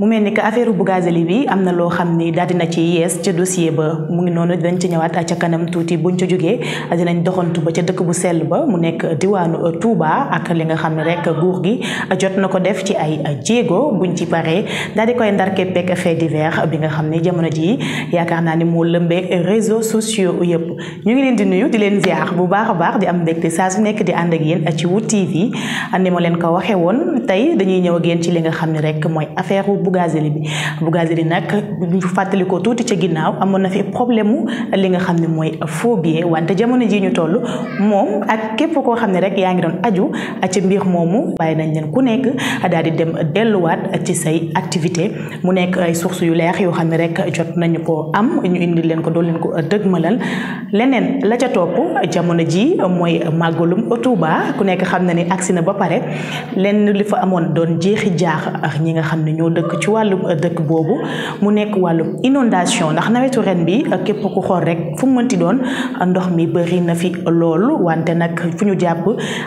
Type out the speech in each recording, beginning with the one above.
mu mel ni que affaire Bougazelli bi am na loo xam ni daal ci yees ca dossier ba mu ngi noonu dañ ci ñëwaat ca kanam tuuti buñ ca jógee dinañ doxantu ba ca dëkk bu sell ba mu nekk diwaanu euh, Touba ak li nga xam ne rek guur gi jot na ko def ci ay euh, jéego buñ ci paree daal di koy ndarkepeg fait divers bi nga xam ne jamono ji yaakaar naa ni moo lëmbee réseaux sociaux yëpp ñu ngi leen di nuyu leen ziar bu baax a baax di am mbégte saa su nekk di ànd ak yéen ci Wood TV ni ma leen ko waxee woon tey dañuy ñëw ak ci li nga xam ni rek mooy affaire Bougazelli bi Bougazelli nag ñu fàttali ko tuuti ca ginnaaw amoon na fi problème mu li nga xam ne mooy phobie wante jamono ji ñu toll moom ak képp koo xam ne rek yaa ngi doon aju ci mbir moomu bàyyi nañ leen ku nekk daal di dem delluwaat ci say activité mu nekk ay sources yu leer yoo xam ne rek jot nañu ko am ñu indi leen ko doon leen ko dëgmalal leneen la ca topp jamono ji mooy màggalum Touba ku nekk xam na ni agsi na ba pare lenn li fa amoon doon jeexi jaax ñi nga xam ne ñoo dëkk ci wàllum euh, dëkk boobu mu nekk wàllum inondation ndax nawetu ren bi euh, képp ku xool rek fu mu mënti doon euh, ndox mi bëri na fi loolu wante nag fu ñu jàpp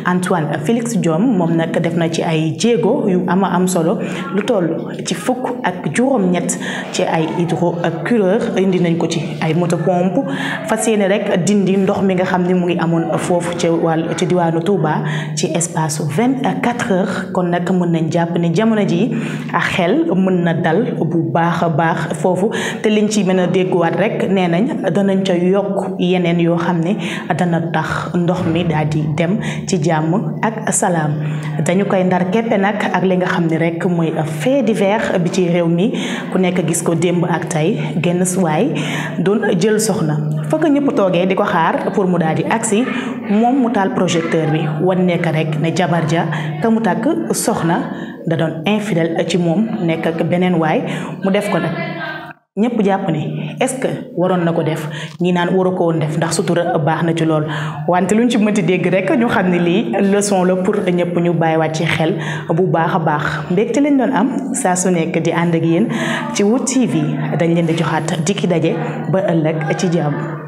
Antoine Félix Diome moom nag def na ci ay jéego yu ama am solo lu toll ci fukk ak juróom ci ay hydrocureur indi nañ ko ci ay moto pompe fas yéene rek dindi ndox mi nga xam ni mu ngi amoon foofu ci wàll ci diwaanu Touba ci espace vingt-quatre heures kon nag mën nañ jàpp ne jamono ji ak xel mën na dal bu baax a baax foofu te liñ ci mën a dégguwaat rek nee nañ danañ ca yokk yeneen yoo xam ne dana tax ndox mi daal di dem ci jàmm ak salaam dañu koy ndar keppe nag ak li nga xam ne rek mooy fait divers bi ci réew mi ku nekk gis ko démb ak tey genn suwaay doon jël soxna fokk ñëpp toogee di ko xaar pour mu daal di agsi moom mu taal projecteur bi wan nekk rek ne jabar ja ka mu tàkk soxna da doon infidèle ci moom nekk beneen waay mu def ko nag ñëpp jàpp ne est-ce que waroon na ko def ñi naan waru ko woon def ndax sutura baax na ci lool wante luñ ci mënti dégg rek ñu xam ne lii leçon la pour ñëpp ñu bàyyiwaat ci xel bu baax a baax mbégte lañ doon am saa su nekk di ànd ak yéen ci Wood TV dañ leen di joxaat diki daje ba ëllëg ci jàmm.